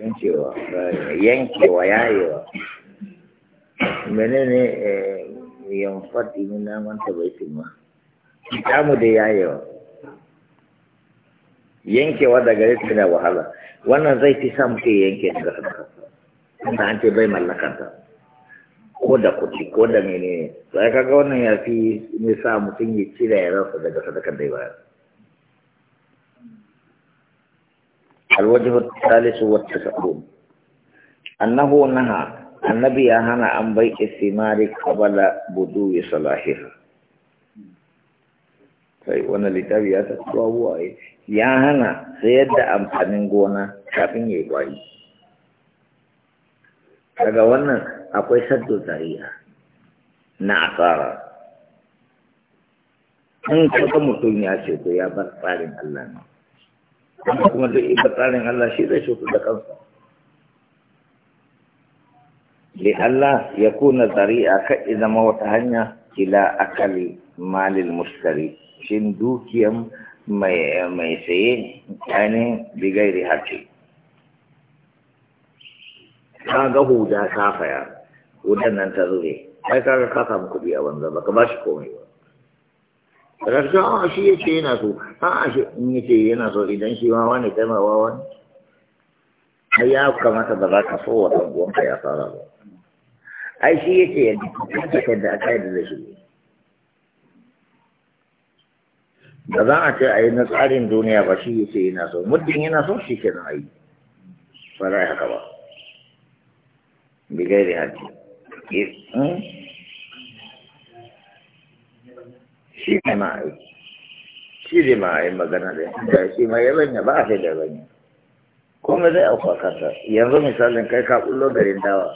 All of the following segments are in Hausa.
yankewa eh, yankewa yayewa menene eh, yanfat ɗin na manta bai filma mu da yayewa yankewa daga su da wahala wannan zai fi sa muke yanke daga kanka wanda an ce bai mallakanta ko da kuɗi ko da menene to ya kaga wannan ya fi ne sa mutum ya cire ya rasa daga sadakar da ya bayar الوجه الثالث والتسعون أنه نهى النبي هنا عن بيع الثمار قبل بدو صلاحها sai wannan littafi ya tafi babu ya hana sayar da amfanin gona kafin ya yi kwari daga wannan akwai saddo zariya na asara in kaga mutum ya ce to ya bar tsarin Allah ne amma kuma duk ibar tsarin Allah shi zai shuku da kansa li Allah ya kuna zari'a ka zama wata hanya Kila akali malil mushtari shin dukiyan mai saye ainihin da haƙi ka ga huda kafaya hudan nan ta zube ai ga ka samu kuɗi a banza baka ba shi komai ba rashin a ah, shi ya ce yana so a ah, shi in ya ce yana so idan shi wawa ne kai ma wawa ne ai ya kamata ba za ka so wa ɗan uwanka ya fara ba ai shi ya ce yadda ka kai da aka yadda da shi da za a ce a yi na tsarin duniya ba shi ya ce yana so muddin yana so shi ke nan a yi ba za a haka ba bigai da hajji hmm? shi ne ma shi ne ma ai magana da ya shi ma ya banya ba a sai da banya kuma zai auka kasa yanzu misalin kai ka kullo garin dawa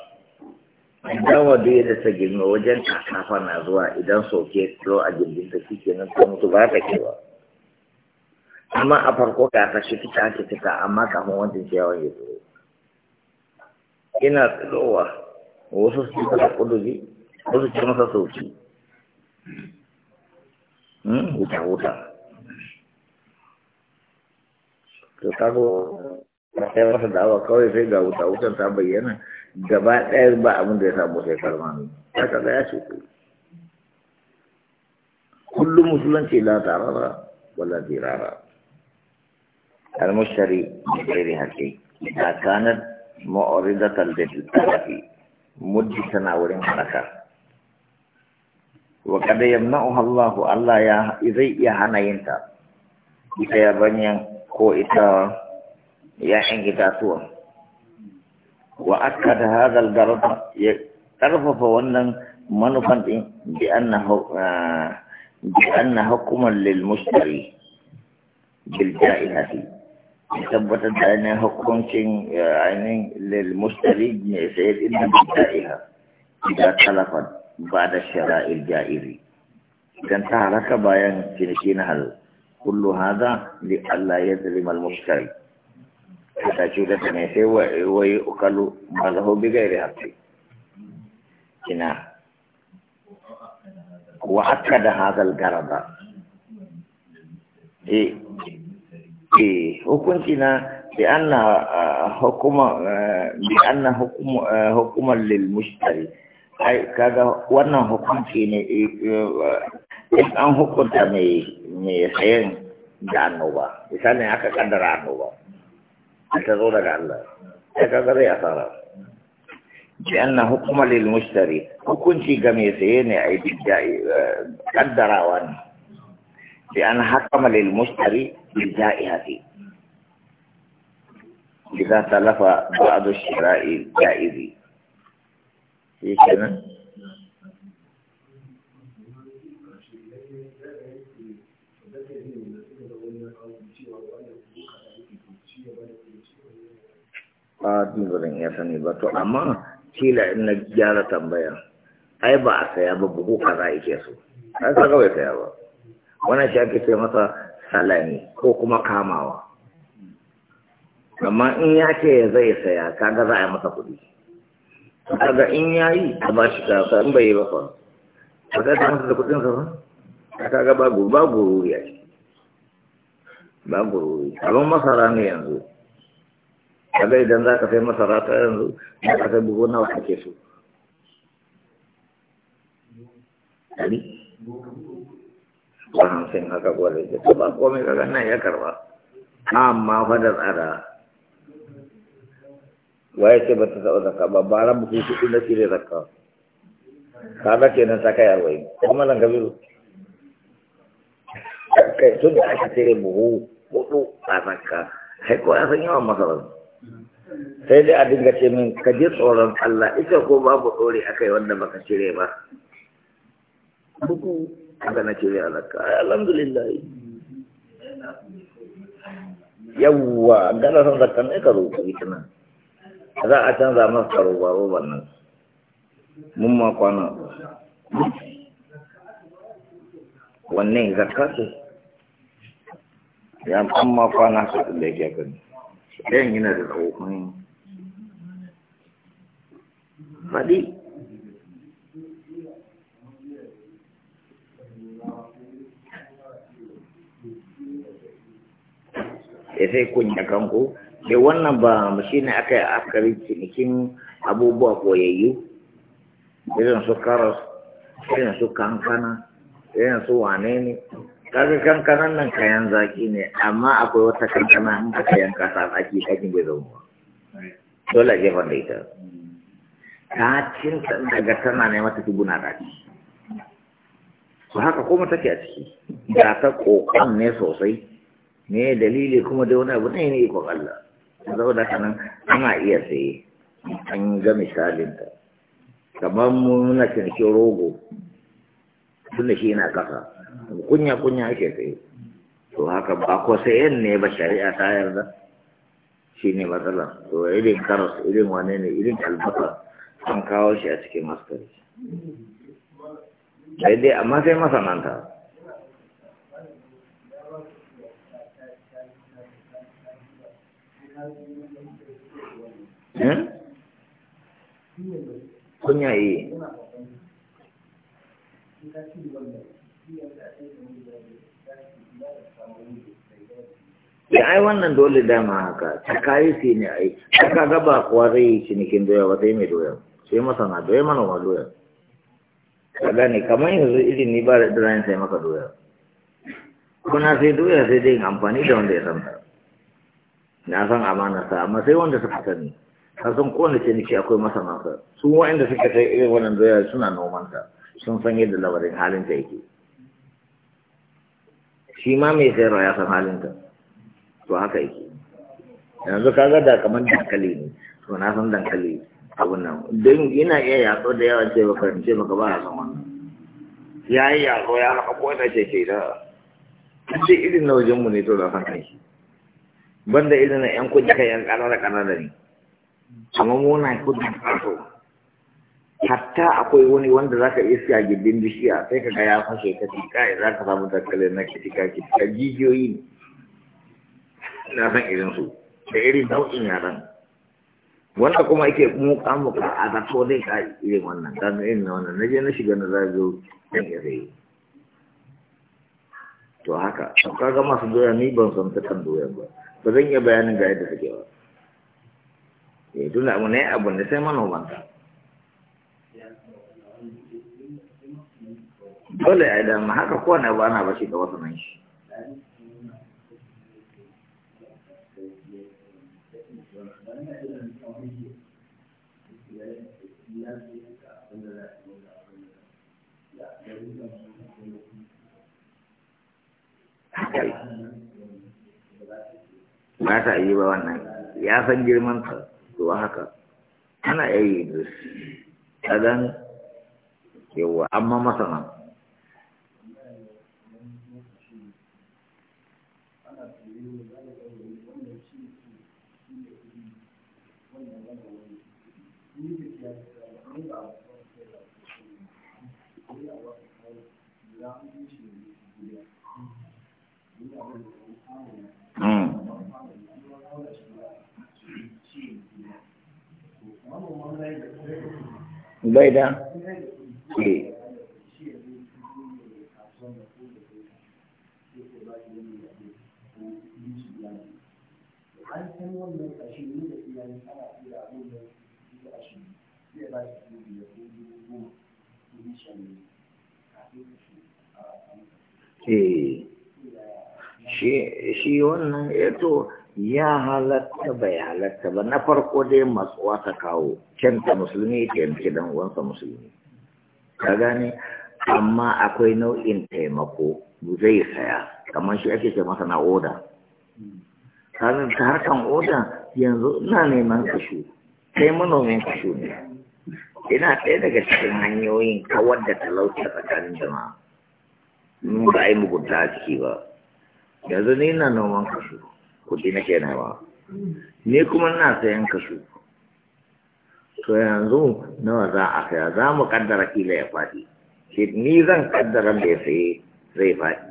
dawa duk yadda ta girma wajen kakafa na zuwa idan soke kilo a jirgin ta shi kenan ko mutu ba ta kewa amma a farko ka ta shi fita ake fita amma kafin wancan ciyawan ya zo ina tsirowa wasu su ta kudu wasu masa sauki wuta hmm, wuta to kago a kai masa dawa kawai sai ga wuta wutan ta bayyana gaba ɗaya ba abin da ya samu sai karmami haka da ya ce ku kullum musulunci la tarara wala dirara al-mushtari bi ghairi haqqi idza kanat mu'ridatan da talafi muddi sana wurin halaka wa kada yamna'uha Allah Allah ya zai iya hana yin ta ita ya banyan ko ita ya'yan itatuwa wa akkada hadha al-garad ya karfafa wannan manufan din bi annahu ah, bi anna hukman lil mushtari bil ja'ihati tabbatar da ainihin hukuncin eh, ainihin lil mushtari ne sai din da ja'iha idan talafan بعد الشراء الجائري إذا تعرف بيان تنشين هل كل هذا لألا يظلم المشتري حتى شودة ميسي ويؤكل ماله بغير حق هنا وأكد هذا الغرض إيه إيه لأن حكم لأن حكم حكما للمشتري ai kaga wannan hukunci ne in an hukunta mai mai sayan da annoba misalin aka kaddara annoba ta zo daga Allah sai kaga zai asara bi anna hukuma lil mushtari hukunci ga mai saye ne ai bidda kaddarawa ne bi an hakama lil mushtari bil jaihati إذا تلف بعض الشراء الجائز shi kenan a dubarin ya sani ba to amma kila in na gyara tambaya ai ba a saya ba buhu kaza yake so an saka bai saya ba wannan shi ake ce masa salami ko kuma kamawa amma in ya ce zai saya kaga za a yi masa kuɗi kaga in yayi a ba shi kafa in bai yi ba fa ba ka ta masa da kudin sa ba kaga babu babu ruwa babu ruwa abin masara ne yanzu kaga idan za ka sai masara ta yanzu za ka sai buhu nawa kake so ɗari ko hamsin haka gwada ta ba komai kaga nan ya karba amma fa da tsada waye ce ba ta taɓa zakka ba ba ran mutum kuɗi na cire Ka kaga kenan ta kai arba'in kuma nan gabiru kai tun da aka cire buhu hudu a zakka sai ko ya san yawan masarar sai dai a dinga ce min ka ji tsoron Allah ita ko babu dore akai wanda baka cire ba buku aka na cire a zakka alhamdulillah yawwa gana son zakkan ne ka roƙi nan za a canza masa roba-roban nan mun makwana wanne wannan zakka ce ya an makwana kwana su da ya gani ɗayan yana da tsohon faɗi ya sai kunya kanku da wannan ba shi ne aka yi akari cinikin abubuwa koyayyu irin su karas irin su kankana irin su wane ne kaga kankanan nan kayan zaki ne amma akwai wata kankana in aka kayan sa zaki kakin bai zama dole a jefan da ita ta cin daga tana ne mata tubuna zaki su haka kuma take a ciki ga ta kokan ne sosai ne dalili kuma da wani abu ne ne ikon Allah da kanan ana iya saye an ga misalinta kamar muna cinikin rogo tun da shi yana kasa kunya-kunya ake tsaye to haka ba ko sayan ne ba shari'a ta yarda shi ne matsala to irin karas irin wane ne irin albasa an kawo shi a cikin maskari sai dai amma sai masananta Eh? kunya eh ya ai wannan dole dama haka ta kayi su ne ai aka gaba kuwa zai yi cinikin doya ba sai mai doya sai masana doya manoma doya ka gane kamar yanzu irin ni ba da sai maka doya kuna sai doya sai dai amfani da wanda ya san na san sa amma sai wanda suka sani har sun kowane ce nake akwai masa su wa'anda suka kai irin wannan doya suna nomanta sun san yadda lamarin ta yake shi ma mai sayarwa ya san halin ta, to haka yake yanzu ka ga da kamar dankali ne to na san dankali abun nan don yana iya yatsu da yawan ce baka ce baka ba a san wannan ya yi yatsu ya haka kona ce ke da ce irin na wajenmu ne to da san kai banda irin na yan kudi kai yan ƙanana ƙanana ne amma muna kuɗi ƙaso hatta akwai wani wanda zaka iya siya gindin bishiya sai ka ga ya fashe ka tika za ka samu dankalin na kitika kitika jijiyoyi na san irin su da irin nau'in yaran wanda kuma yake muka muka a zato dai ka irin wannan ta irin wannan na je na shiga na zazo ɗan ya sai to haka kaga masu doya ni ban san ta kan doya ba ba zan iya bayanin ga yadda take ba eh tun abu ne abu ne sai manomanta dole a idan haka kowane ba ana bashi da wasu nan shi Thank you. ba ta yi ba wannan ya san girman ta to haka ana yayi da kadan yawa amma Mm. bai da ke eh. eh. shi wannan ya eh to ya halatta bai halatta ba na farko dai matsuwa ta kawo kenta musulmi ta yanki dan uwansa musulmi ta gane amma akwai nau'in taimako zai saya kamar shi ake ce masa na oda kanin ta harkan oda yanzu ina neman kashu Sai manomin kashu ne ina ɗaya daga cikin hanyoyin kawar da talauta tsakanin jama'a ba a yi mugunta a ciki ba yanzu ni na noman kashu kuɗi nake nawa ni kuma na sayan kasu. to yanzu nawa za a saya za mu kaddara kila ya faɗi ni zan kaddara mai saye zai faɗi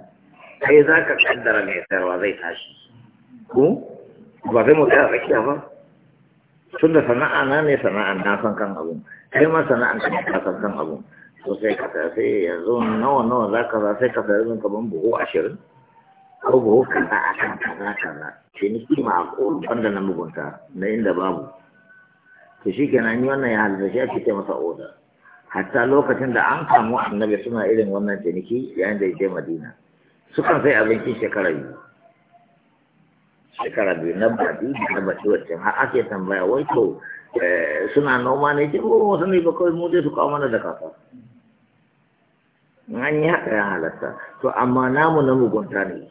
kai za ka kaddara mai sayarwa zai tashi ko ba zai mu tsaya tsakiya ba tun da sana'a na ne sana'a na san kan abun kai ma sana'a ka ka san kan abun to sai ka sai yanzu nawa nawa za ka za sai ka sayar min kaman buhu ashirin kogo kaza a kan kaza kaza ce ni kima a ƙorban da na mugunta na inda babu to shi ke yi wannan ya halitta shi ake taimaka oda hatta lokacin da an samu annabi suna irin wannan ciniki yayin da ya je madina sukan sai abincin shekara biyu shekara biyu na baɗi na baɗi wacce har ake tambaya wai to eh, suna noma ne ce ko wasu ne ba kawai mu dai su kawo mana da kasa an yi haka ya halatta to amma namu na mugunta ne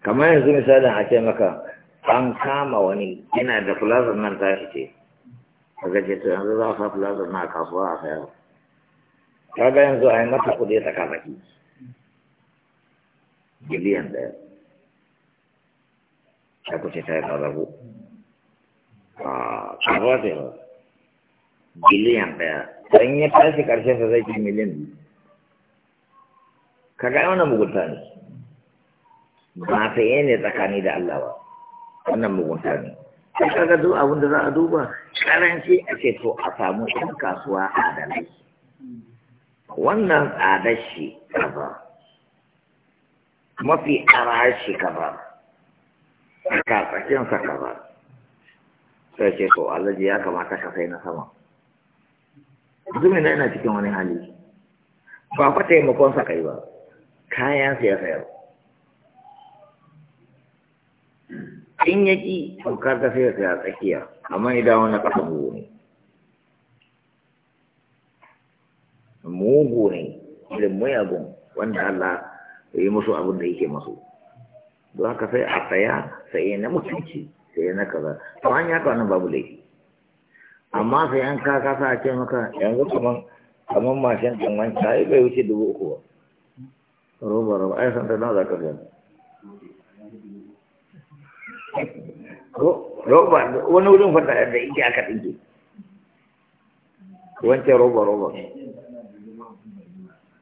kamar yanzu misali a ce maka an kama wani yana da fulazar nan ta shi ce a gaje to yanzu za a sa fulazar na kasuwa a sayar kaga yanzu a yi mata kuɗi tsakatsaki biliyan ɗaya ta kuce ta yi ƙararru a ƙarfa ce ba biliyan ɗaya don ya tashi ƙarshen sa zai ci miliyan biyu kaga yana mugunta ne ba ta yi ne tsakani da Allah ba wannan mugunta ne sai kaga duk abin da za a duba karanci a ce to a samu ɗan kasuwa adalai wannan tsadar shi kaza mafi ara shi kaza katsakinsa kaza sai ce to alhaji ya kamata ka sai na sama mutumin da yana cikin wani hali ba fa taimakonsa kai ba kayan ya sayar in ya ƙi saukar ta sai ya tsakiya amma idan wani ƙasa bugu ne mugu ne irin muyagun wanda Allah ya yi musu abin da yake masu don haka sai a tsaya sai na mutunci sai na kaza to hanya haka wani babu laifi amma sai an ka kasa a ce maka yanzu kaman kaman mashin ɗan wancan ai bai wuce dubu uku ba roba roba ai san ta nawa za ka fiye roba wani wurin fata da ike aka ɗinke wancan roba roba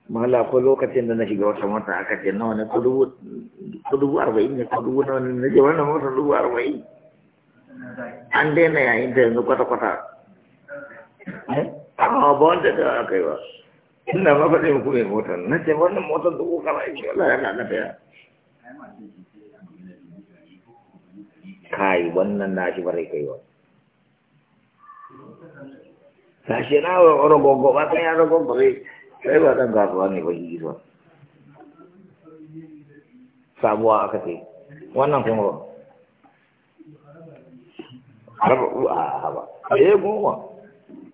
mala ko lokacin da na shiga wata mota aka ce nawa ne ko dubu arba'in ne ko dubu nawa ne na je wannan mota dubu arba'in an daina yayin da yanzu kwata-kwata eh? amma ba wanda da aka yi ba ina ma faɗin kuma motar na ce wannan motar dubu kara ake wala yana na fiya kai wannan na shi bare kai wani tashi na wa rogogo ba kan ya rogogo ne sai ba dan gasuwa ne ba yi ba sabuwa aka ce wannan kuma ba a haba eh goma